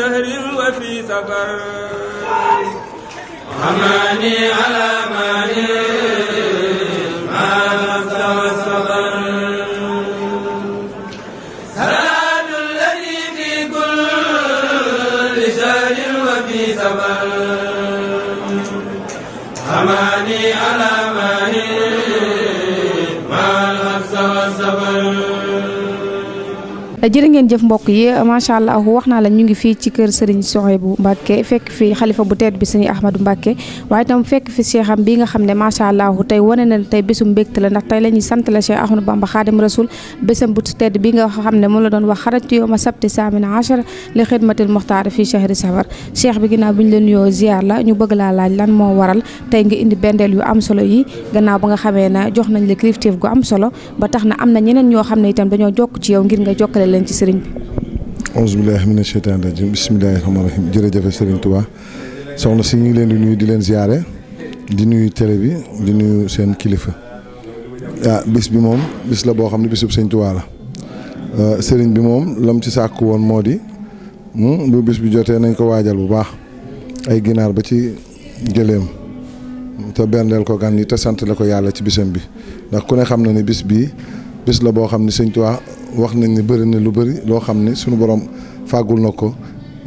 شهر وفي سفر أماني على ماني jërë ngeen jëf mbokk yi macha allah wax naa la ñu ngi fii ci kër Serigne bu Mbacké fekk fi xalifa bu teet bi Serigne Ahmadou Mbacké waaye itam fekk fi cheikham bi nga xam ne macha allah tey wane na tey bésum mbégte la ndax tey la ñuy sant la Cheikh Ahmadou Bamba Khadim Rasoul bésam bu bi nga xam ne moom la doon wax xarajtu yow ma sabti saamina achara li xidmatil muxtaar fii chahri safar cheikh bi ginnaaw bi ñu la nuyoo ziar la ñu bëgg laa laaj lan moo waral tey nga indi bendeel yu am solo yi gannaaw ba nga xamee na jox nañ la kilifteef gu am solo ba tax na am na ñeneen ñoo xam ne itam dañoo jokk ci yow ngir nga jokkale ñaanal leen ci sëriñ bi. auzu billaahi mina sheytaani rajiim bismillaahi rahmaani rahiim sëriñ Touba soxna si ñu ngi leen di nuy di leen ziare di nuyu télé bi di nuyu seen kilifa. ah bis bi moom bis la boo xam ne bisub sëriñ Touba la ah, sëriñ bi moom lam ci sàkk woon moo di hmm, bu bis bi jotee nañ ko waajal bu baax ay ginaar ba ci gëléem te berndeel ko gan yi te sant la ko yàlla ci bisam bi ndax ku ne xam na ne bis bii bis la boo xam ne sëñ Tuubaa wax nañ ni bëri na lu bari loo xam ne suñu borom fàggul na ko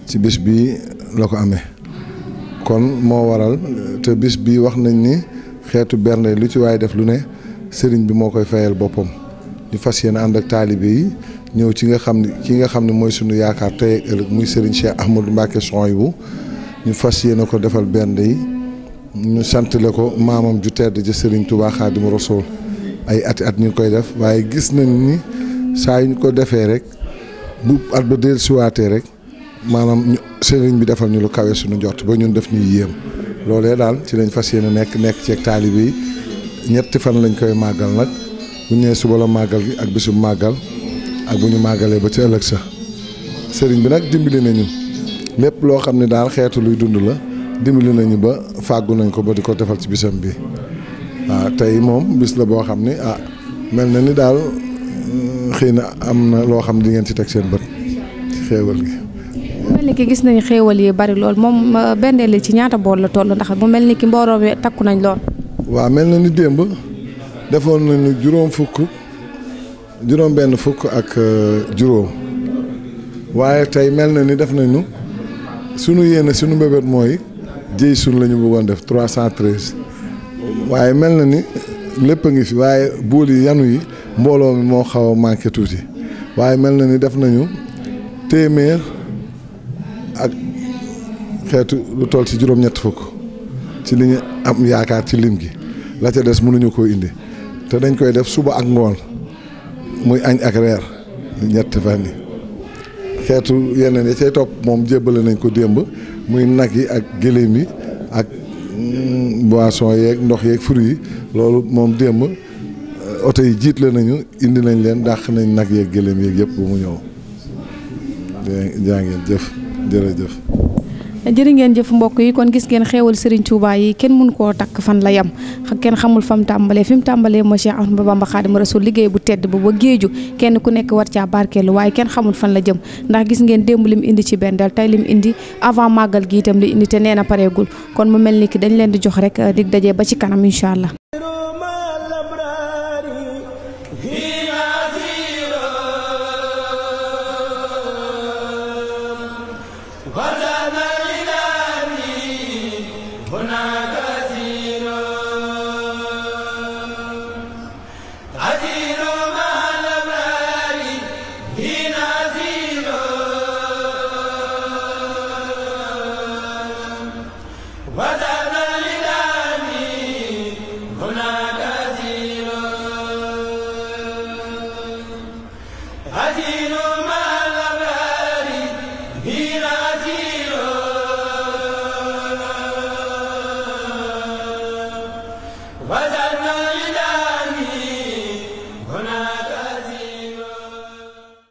ci bis bi la ko amee kon moo waral te bis bii wax nañ ni xeetu bernde lu ci waaye def lu ne sëriñ bi moo koy fayal boppam ñu fas yéene ànd ak taalibe ñëw ci nga xam ne ki nga xam ne mooy sunu yaakaar tey ak ëllëg muy sëriñ Cheikh Ahmadou Mbacke Souhaïbou ñu fas yéene ko defal bernde yi ñu santale ko maamam ju tedd ja sëriñ Touba Xaadimu Rasuul ay ati at ñu koy def waaye gis nañ ni saa yi ñu ko defee rek bu at ba del siwaatee rek maanaam sëriñ bi defal ñu lu kawe suñu njort ba ñun def ñuy yéem loolee daal ci lañ fas yéene nekk nekk ceeg taalibe yi ñetti fan lañ koy màggal nag bu ñu nee suba la màggal gi ak bisub màggal ak bu ñu màggalee ba ci ëllëg sa sëriñ bi nag dimbali nañu lépp loo xam ne daal xeetu luy dund la dimbili nañu ba fàggu nañ ko ba di ko defal ci bisam bi waaw ah, tey moom bis la boo xam ni ah mel na ni daal. xëy na am na loo xam di ngeen ci teg seen bët ci xéewal gi. mu mel ni ki gis nañu xéewal yi bari lool moom benn li ci ñaata bool la toll ndax mu mel ni ki mbooloo mi takku nañ lool. mel na ni démb defoon nañu juróom fukk juróom fukk ak euh, juróom waaye tey mel na ni def nañu sunu yéene sunu mbébét mooy jëy sunu lañu ñu bëggoon def trois cent treize waaye mel na ni lépp a ngi fi waaye bool yi yanu yi. mbooloo mi moo xaw a manqué tuuti waaye mel na ni def nañu téeméer ak xeetu lu toll ci juróom-ñett fukk ci li ñu am yaakaar ci lim gi la ca des mënuñu koo indi te dañ koy def suba ak ngoon muy añ ak reer ñetti fan yi xeetu yeneen ya cay topp moom jébbale nañ ko démb muy nag yi ak gëléem yi ak mm, boisson yeeg ndox yeeg fruits yi loolu moom démb oto yi jiit la nañu indi nañ leen dàq nañ nag yeeg gëléem yeeg yëpp ba mu ñëw jaa ngeen jëf jërëjëf jërë ngeen jëf mbokk yi kon gis ngeen xewal sëriñ Touba yi kenn mun koo takk fan la yem kenn xamul fa tàmbalee fi mu tàmbalee mooy Cheikh Ahmadou Bamba Xaadimu Rasuul liggéey bu tedd ba ba kenn ku nekk war caa barkeelu waaye kenn xamul fan la jëm ndax gis ngeen démb lim indi ci bendal tey lim indi avant màggal gi itam li indi te nee na pareegul kon mu mel ni ki dañ leen di jox rek euh, di daje ba ci kanam incha allah.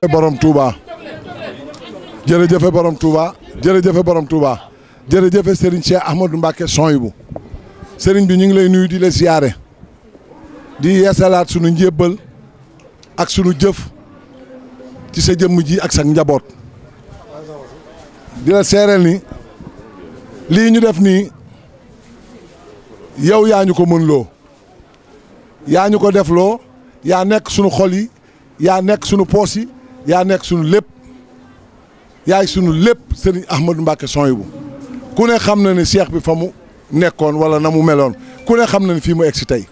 borom Touba jërëjëfe borom Touba jërëjëfe borom Touba jërëjëfe Serigne Cheikh Ahmadou Mbacke Sonhibou Serigne bi ñu ngi lay nuyu di la siyaare di yeesalaat sunu njébbal ak sunu jëf ci sa jëmm ji ak sa njaboot di la seereel ni lii ñu def nii yow yaa ñu ko mën loo yaa ñu ko def loo yaa nekk sunu xol yi yaa nekk sunu poos yi yaa nekk sunu lépp yaay sunu lépp sëriñ Ahmadou Mbacke Sonhibou ku ne xam na ne cheikh bi fa mu nekkoon wala na mu meloon ku ne xam na ne fii mu egg si tey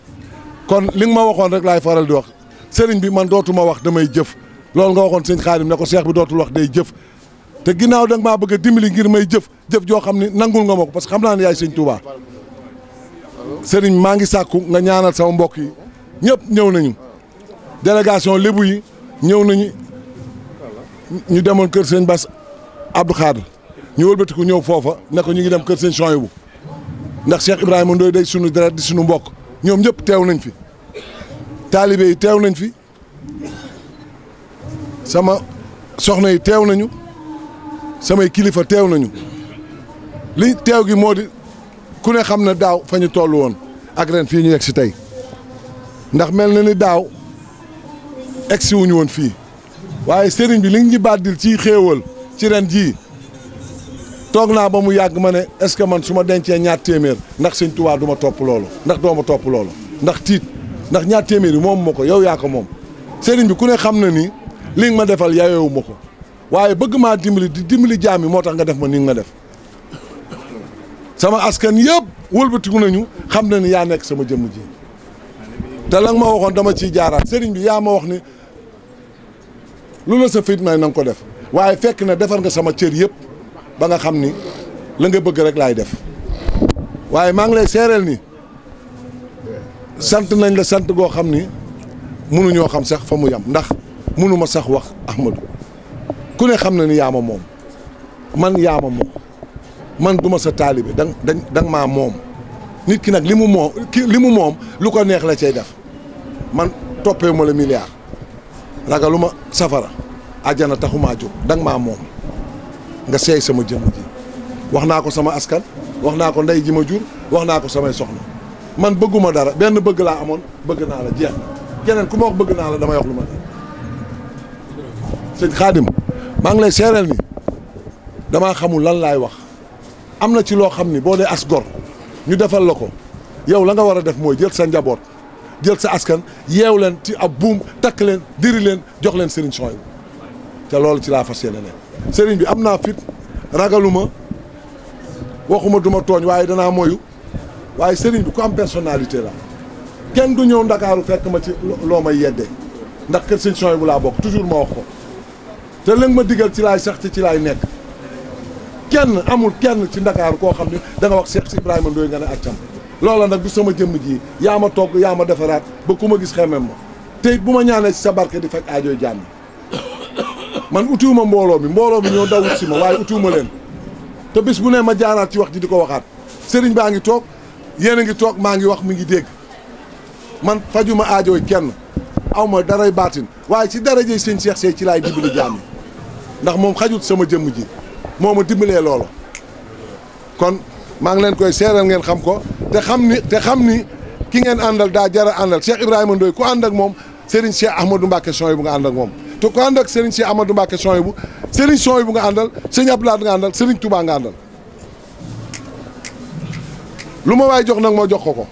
kon li nga ma waxoon rek laay faral di wax sëriñ bi man dootuma wax damay jëf loolu nga waxoon sëñ xaari ne ko cheikh bi dootul wax day jëf te ginnaaw da maa bëgg a dimbili ngir may jëf jëf joo xam ni nangul nga ma ko parce que xam naa ne yaay sëñ Touba sëriñ maa ngi sàkku nga ñaanal sama mbokk yi ñëpp ñëw nañu ñu demoon kër sëñ Bass Abdou Khadre ñu wëlbatiku ñëw foofa ne ko ñu ngi dem kër sëñ Chouaïbou ndax Cheikh Ibrahima Ndoye day sunu deret di suñu mbokk ñoom ñëpp teew nañ fi taalibe yi teew nañ fi sama soxna yi teew nañu samay kilifa teew nañu li teew gi moo di ku ne xam na daaw fa ñu toll woon ak ren fii ñu yegg si tey ndax mel na ni daaw egsiwuñu woon fii waaye sëriñ bi li nga ñu bàddil ci xéewal ci ren jii toog naa ba mu yàgg ma ne est-ce que man su ma dencee ñaar téeméer ndax sëñ Tuubaa du ma topp loolu ndax doo ma topp loolu ndax tiit ndax ñaar téeméeri yi moom ma ko yow yaa ko moom sëriñ bi ku ne xam ne ni li ma defal yayowu ma ko waaye bëgg maa dimbali di dimbali jaam yi moo tax nga def ma ni ma def sama askan yëpp wëlbatiku nañu xam na ni yaa nekk sama jëmm ji te la nga ma waxoon dama ciy jaaraat sëriñ bi yaa ma wax ni lu la sa fit may na nga ko def waaye fekk na defar nga sama cër yëpp ba nga xam ni la nga bëgg rek laay def waaye maa ngi lay seereel ni sant nañ la sant goo xam ni mënuñoo xam sax fa mu yam ndax mënuma sax wax Ahmadou ku ne xam ne ni yaa ma moom man yaa ma moom man duma sa taalibe dang dang maa moom nit ki nag li mu moom li mu moom lu ko neex la cay def man toppee ma la milliard ragaluma safara àjjana taxumaa jóg dang maa moom nga seey sama jëmm ji wax naa ko sama askan wax naa ko ndey ji ma jur wax naa ko samay soxna man bëgguma dara benn bëgg laa amoon bëgg naa la jeex keneen ku ma wax bëgg naa la damay wax lu ma ne sëñ Xaadim maa ngi lay seereel ni damaa xamul lan laay wax am na ci loo xam ni boo dee as gor ñu defal la ko yow la nga war a def mooy jël sa njaboot jël sa askan yeew leen ci ab buum takk leen diri leen jox leen Serigne Soy te loolu ci laa fas yéene ne Serigne bi am naa fit ragaluma waxuma duma tooñ waaye danaa moyu waaye Serigne bi ko am personnalité la kenn du ñëw ndakaaru fekk ma ci loo may yeddee ndax kër Serigne bu laa bokk toujours ma wax ko te lëng ma digal ci laa sax te ci laay nekk kenn amul kenn ci ndakaaru koo xam ne danga nga wax Cheikh Ibrahima Ndoye nga ne accam loola nag du sama jëmm ji yaa ma togg yaa ma defaraat ba ku ma gis xemem moo tey bu ma ñaanee si sa barke di faj aajooy jàmm man utiwuma mbooloo mi mbooloo mi ñoo dawut si ma waaye utiwuma leen te bu nee ma jaaraat ci wax ji di ko waxaat sëriñ baa ngi toog yéen a ngi toog maa ngi wax mi ngi dégg man fajuma aajooy kenn aw ma daray baatin waaye ci darajey sëñ Cheikh Seye ci laay dimbali jaam ndax moom xajut sama jëmm ji moo ma dimbilee loola maa ngi leen koy seeral ngeen xam ko te xam ni te xam ni ki ngeen àndal daa jar a àndal Cheikh Ibrahima Ndoye ku ànd ak moom Serigne Cheikh Ahmadou Mbacke son bu nga ànd moom te ku ànd ak Serigne Cheikh Ahmadou Mbacke son bu Serigne son bu nga àndal Serigne Abdoulaye nga àndal Serigne Touba nga àndal lu ma waay jox nag ma jox ko ko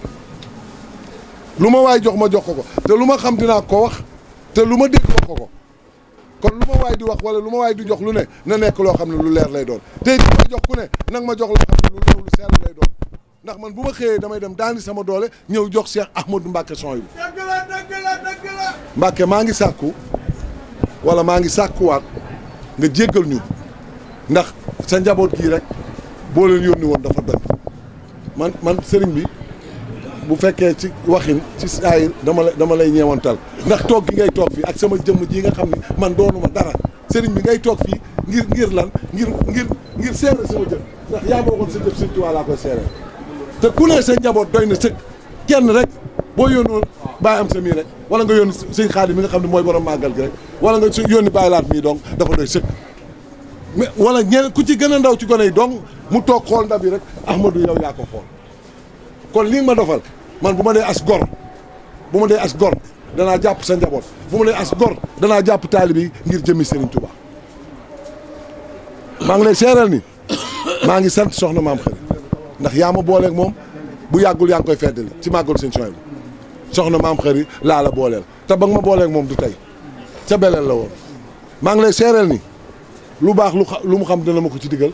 lu ma waay jox ma jox ko ko te lu ma xam dinaa ko wax te lu ma dégg wax ko ko kon lu ma waay di wax wala lu ma waay di jox lu ne na nekk loo xam ne lu leer lay doon tey di ma jox ku ne nag ma jox loo xam ne lu leer lay doon ndax man bu ma xëyee damay dem daani sama doole ñëw jox Cheikh Ahmadou Mbacke du yi dëgg la maa ngi sàkku wala maa ngi sàkkuwaat nga jéggal ñu ndax sa njaboot gii rek boo leen yónni woon dafa doy man man sëriñ bi bu fekkee ci waxin ci saay dama la dama lay ñeewantal ndax toog gi ngay toog fii ak sama jëmm ji nga xam ni man doonuma dara sëriñ bi ngay toog fii ngir ngir lan ngir ngir ngir seere sama jëf ndax yaa ma waxoon sa jëf surtout laa koy seere te ku ne sa njaboot doy na sëkk kenn rek boo yónnoo bàyyi am sa mii rek wala nga yónni sëñ xaadim mi nga xam ne mooy borom màggal gi rek wala nga yónni bàyyi laat mii donc dafa doy sëkk mais wala ñeneen ku ci gën a ndaw ci gone yi donc mu toog xool ndab yi rek Ahmadou yow yaa ko xool kon li ma dofal man bu ma dee as gor bu ma dee as gor danaa jàpp sa njaboot bu ma dee as gor danaa jàpp taalib yi ngir jëmmi Serigne Touba maa ngi lay seeral ni maa ngi sant soxna maam xëri ndax yaa ma booleeg moom bu yàggul yaa ngi koy feddali ci màggal seen coin soxna maam xëri laala booleel te ba ma booleek moom du tey ca beleel la woon maa ngi lay seeral ni lu baax lu lu mu xam dana ma ko ci diggal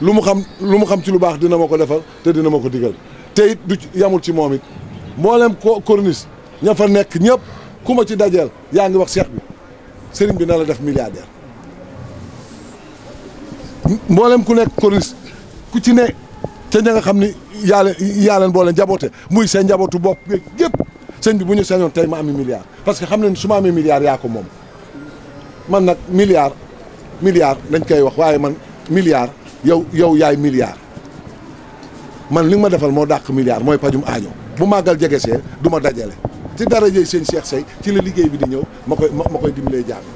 lu mu xam lu mu xam ci lu baax dina ma ko defal te dina ma ko digal te it du yamul ci moom it mboolem ko corniche ña fa nekk ñëpp ku ma ci dajeel yaa ngi wax cheikh bi sëriñ bi na la def milliardaire mboolem ku nekk corniche ku ci ne te ña nga xam ni yaa leen yaa leen boo leen jaboote muy seen njabootu bopp yëpp sëñ bi bu ñu sañoon tey ma ami parce que xam ne su ma amee milliard yaa ko moom man nag milliard milliard dañ koy wax waaye man milliard yow yow yaay milliard man li ma defal moo dàq milliard mooy pajum aajo bu màggal jege see du ma dajale ci dara jëy seen Cheikh Seye ci la liggéey bi di ñëw ma koy ma koy dimbalee jaam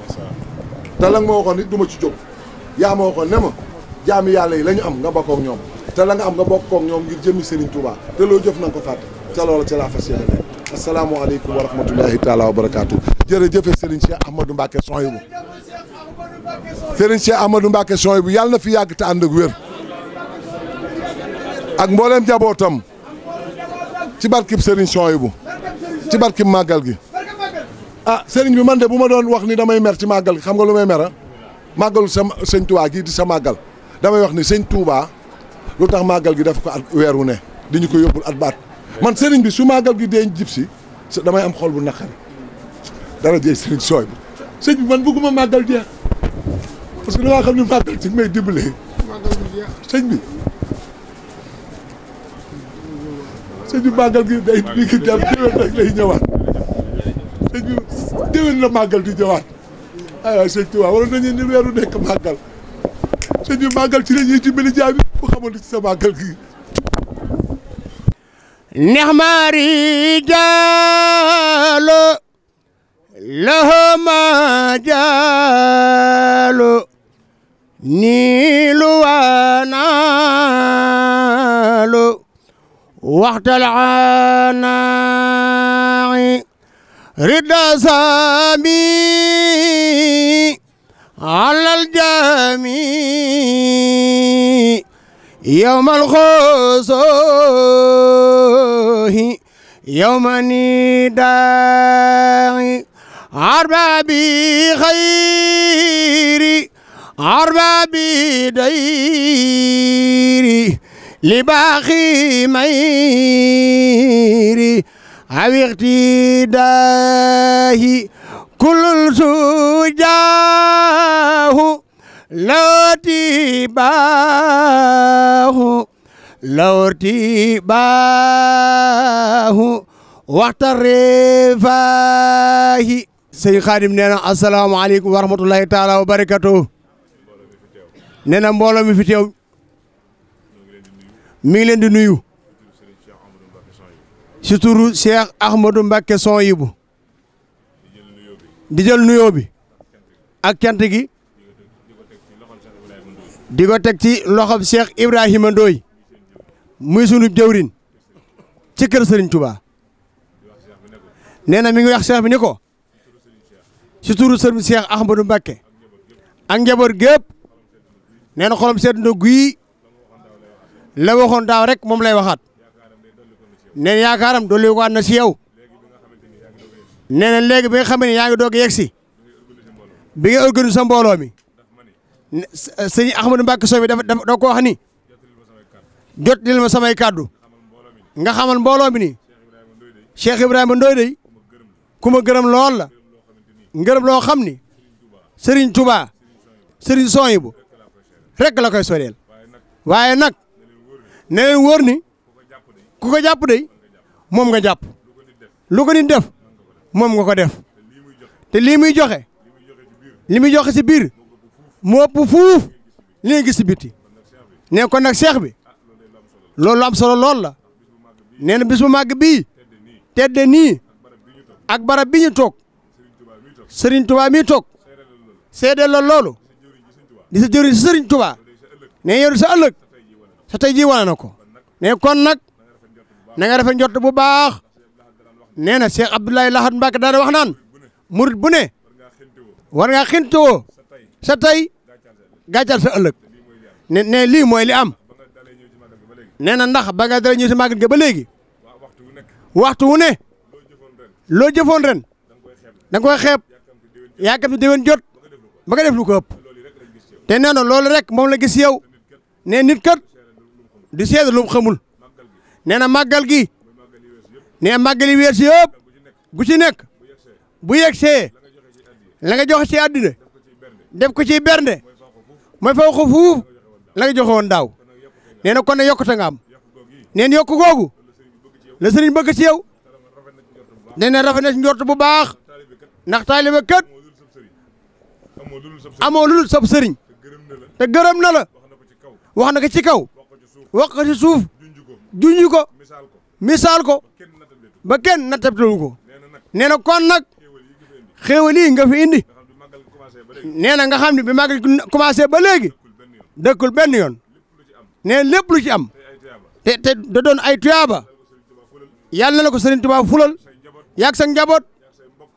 te la nga waxoon nit du ma ci jóg yaa ma waxoon ne ma jaami yàlla yi la am nga bokk ak ñoom te am nga bokk ak ñoom ngir jëmi Serigne Touba te loo jëf na ko fàtte ca loola ca laa fas yéene nekk asalaamaaleykum wa rahmatulahi taala wa barakaatu jërëjëf Serigne Cheikh Ahmadou Mbacke Sohibou Serigne Cheikh Amadou Mbacke Sonhibou bu yàlla na fi yàgg te ànd ak wér ak mbooleem jabootam ci barkib Serigne Sonhibou bu ci barkib màggal gi ah sëriñ bi man de bu ma doon wax ni damay mer ci màggal gi xam nga lu may mera a ah? màggalu sa sëñ Touba gii di sa màggal damay wax ni sëñ Touba lu tax màggal gi def ko at weer wu ne di ñu ko yóbbul at baat man Serigne bi su màggal gi dee jib si damay am xool bu naqari dara jeey Serigne Sonhibou sëñ bi man bëgguma màggal jeex parce que damaa xam ne màggal ci may dimbalee sëñ bi sëñ bi gi day mi ngi dem déwén rek lay ñëwaat sëñ bi déwén la màggal di ñëwaat ay ni weeru nekk màggal sëñ bi màggal ci la ñuy dimbali jaay bi bu xamoon ci sa màggal gi neex maari jaalo loxo ma نيل ونال وقت العناع رد سامي على الجميع يوم الخصوه يوم نداع عرب بخير أربابي ديري لباخي ميري أو اقتداه كل سجاه لو تباه لو تباه وقت الرفاه سيد خادم نينا السلام عليكم ورحمة الله تعالى وبركاته nee na mbooloo mi fi teew mi ngi leen di nuyu si turu Cheikh Ahmadou Mbacké Sonhibou di jël nuyoo bi ak cant gi di ko teg ci loxo loxob Cheikh Ibrahima Ndoye muy sunu jëwrin ci kër Serigne Touba nee na mi ngi wax Cheikh bi ni ko si turu Serigne Cheikh Ahmadou Mbacké ak njaboot gépp nee na xolam sedd na guy la waxoon daaw rek moom lay waxaat nee na yaakaaram dolli waat na si yow nee léegi bi nga xam ne yaa ngi doog yegg si bi nga organiser sa mbooloo mi eh, sëñ Ahmadou Mbacke Sow mi dafa da ko wax ni jot lil ma samay kàddu nga xamal mbooloo mi ni Cheikh Ibrahima Ndoye dey ku ma gërëm lool la ngërëm loo xam ni Serigne Touba Serigne Soyibu rek la koy soreel waaye nag ne leen wóor ni ku ko jàpp de moom nga jàpp lu ko nit def moom nga ko def te lii muy joxe li muy joxe si biir moo ëpp fuuf li nga gis si biti ne kon nag seex bi loolu am solo lool la nee na bis bu màgg bii tedde nii ak barab bi ñu toog Serigne Touba mi toog seede la loolu di sa jëriñ sa sëriñ Tuubaa ne yoru sa ëllëg sa tey jii wane na ko ne kon nag na nga rafet njort bu baax nee na Cheikh Abdoulaye Lahad Mbacke daal wax naan murit bu ne war ngaa xintewoo sa tey gàccal sa ëllëg ne ne lii mooy li am nee na ndax ba nga dara ñëw si màggal ga ba léegi waxtu wu ne loo jëfoon ren da nga koy xeeb yaakaar ne déwén jot ba nga def lu ko ëpp. te nee na loolu rek moom la gis yow ne nit kat du seede lu mu xamul nee na màggal gi nee màggali weer si yëpp gu ci nekk bu yegsee la nga joxe ci àddina def ko ci bernde mooy faw ko fuuf la nga joxe woon daaw nee na kon ne yokkute nga am nee na yokku googu la sëriñ bëgg ci yow a na rafet na ci njort bu baax ndax taalibe kat amoo lu dul sab sëriñ te gërëm na la wax na ko ci kaw wax ko ci suuf junj ko misaal ko ba kenn na nattabtalu ko nee na kon nag xéewal yi nga fi indi nee na nga xam ne bi màggal commencé ba léegi dëkkul benn yoon nee lépp lu ci am te te da doon ay tuyaaba yàlla na la ko Sëriñ Tuubaa fulal yaag sa njaboot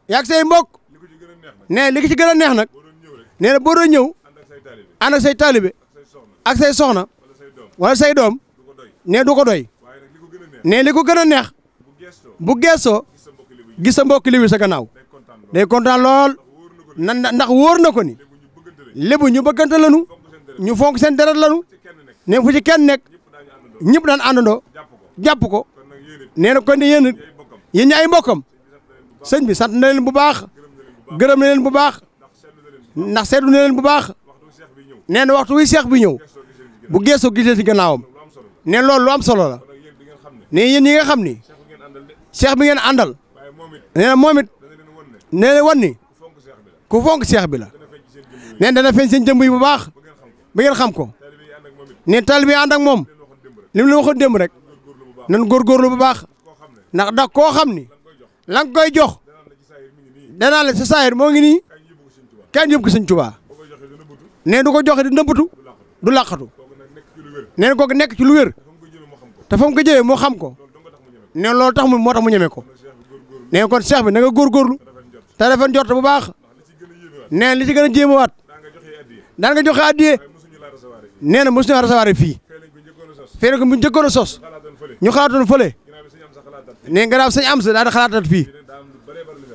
yaag say mbokk nee li ki ci gën a neex nag nee na boo doon ñëw ànd ak say taalibe ak say soxna wala say doom ne du ko doy nee li ko gën a neex bu geesoo gis sa mbokk liwi sa gannaaw day kontaan lool na ndax wóor na ko ni lébu ñu bëggante lanu ñu fonk seen deret lanu ne fu ci kenn nekk ñëpp daan àndandoo jàpp ko nee na kon ne yéen yéen ñi ay mbokkam sëñ bi sant na leen bu baax gërëm na leen bu baax ndax seetlu na leen bu baax nee waxtu wi seex bi ñëw bu geesoo gisee ci gannaawam ne loolu lu am solo la ne yéen ñi nga xam ni seex bi ngeen àndal nee na moom it nee na wan ni ku fonk seex bi la nee dana feeñ seen jëmb bu baax ba ngeen xam ko ne taalibe yi ànd ak moom li mu la waxoon démb rek nan góorgóorlu bu baax ndax da koo xam ni la nga koy jox danaa la sa saayir moo ngi nii kenn yóbbu ko sëñ Tuubaa nee du ko joxe di nëbbatu du làqatu nee na kooku nekk ci lu wér te fa mu xam ko nee loolu tax mu moo tax mu ñeme ko nee kon seex bi na nga góorgóorlu te dafa njort bu baax nee li ci gën a jéemawaat daan ga joxe addiye nee na mosu ñu recevoir fii fii nag bu njëkkoon a sos ñu xalaatoon fële nee nga daal sañ am sa daal di xalaatat fii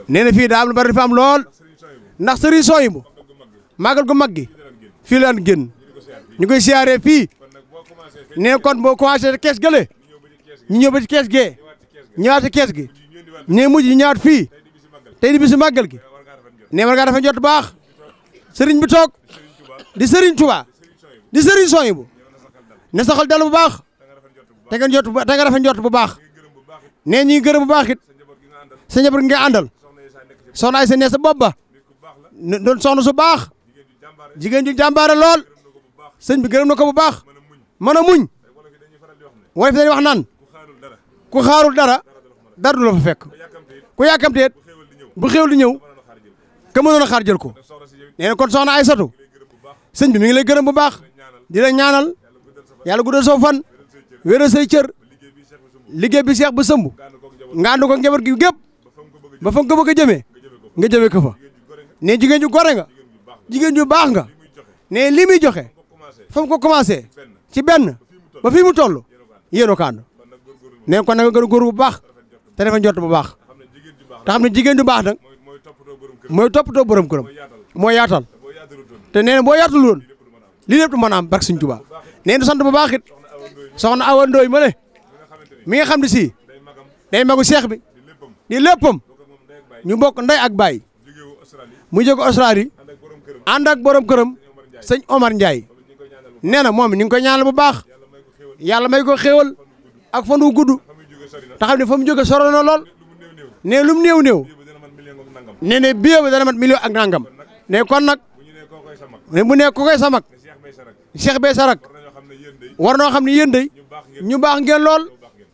nee na fii daa am lu bari dafa am lool ndax sëriñ sooyibu màggal gu mag gi fii laan génn ñu koy siyaaree fii ne kon boo commencé kees gële ñu ñëw ba ci kees gee ñëwaat ci kees gi ne mujj ñu ñëwaat fii tey di bisu màggal gi ne war ngaa dafa jot baax sëriñ bi toog di sëriñ Tuubaa di sëriñ sooy bu ne saxal dal bu baax te nga jot te nga dafa jot bu baax nee ñi gërëm bu baax it sa njaboot nga àndal soxna ay sa nee sa bopp ba doon soxna su baax jigéen ju jàmbaare lool sëñ bi gërëm na ko bu baax mën a muñ wala fi dañuy wax naan ku xaarul dara dara du la fa fekk ku yàkkamteet bu xéwal di ñëw ka mënoon a xaar jël ko nee na kon soxna Aysatu sëñ bi mi ngi lay gërëm bu baax di la ñaanal yàlla guddal soo fan wéeral say cër liggéey bi seex ba sëmb nga ko njaboot gi gépp ba fa nga ko bëgg a nga jëmee ko fa ne jigéen ju gore nga jigéen ju baax nga ne li muy joxe fa mu ko commencé ci benn ba fii mu toll yéen a ko ànd ne kon nag góor bu baax te dafa njort bu baax te xam ne jigéen ju baax nag mooy toppatoo borom këram mooy yaatal te nee na boo yaatul woon lii lépp du mën a am barke Sëñ Tuubaa nee na sant bu baax it soxna Awa Ndooy ma ne mi nga xam ne sii day magu seex bi di léppam ñu bokk ndey ak baay mu jóge Australie ànd ak borom këram sëñ Omar Ndiaye nee na moom ñu ngi koy ñaanal bu baax yàlla may ko xéewal ak fan wu gudd te xam ne fa mu jóge soro na lool ne lu mu néew néew nee ne biyoo bi dana mat million ak nangam ne kon nag ne bu ne ko koy samak Cheikh Bey Sarak war noo xam ne yéen day ñu baax ngeen lool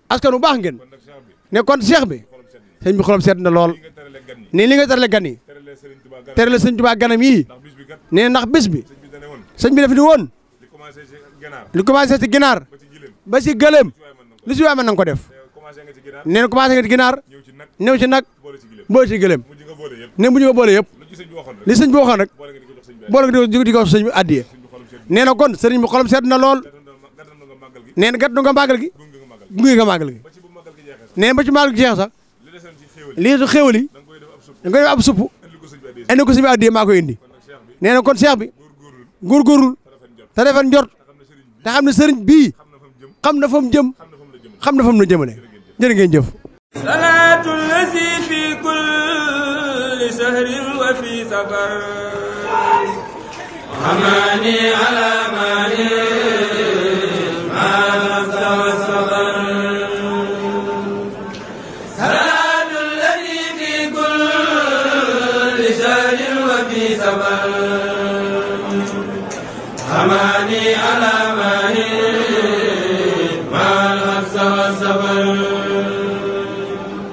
askan bu baax ngeen ne kon Cheikh bi sëñ bi xolam seet na lool ne li nga terale gan yi terale sëñ Tuubaa ganam yii nee ndax bés bi sëñ bi daf di woon li commencé ci ginaar ba ci gëléem lu ci waay mën na ko def eh, nee na commencé ginaar ñëw ci nag boole boole yëpp li sëñ bi waxoon rek boole nga di ko sëñ bi addiye nee na kon sëriñ bi xolam sedd lool nee na gàtt nga màggal gi gunge nga màggal gi nee ba ci màggal gi jeex sax lii su xéwal yi da nga koy def ab ko sëñ bi addiye maa koy nee na kon seex bi góorgóorlu te rafet njort te xam ne sëriñ bii xam na fa mu jëm xam na fa mu la jëmale jërë ngeen jëf salaatu lasi fi kulli sahrin wa fi safar amani ala mani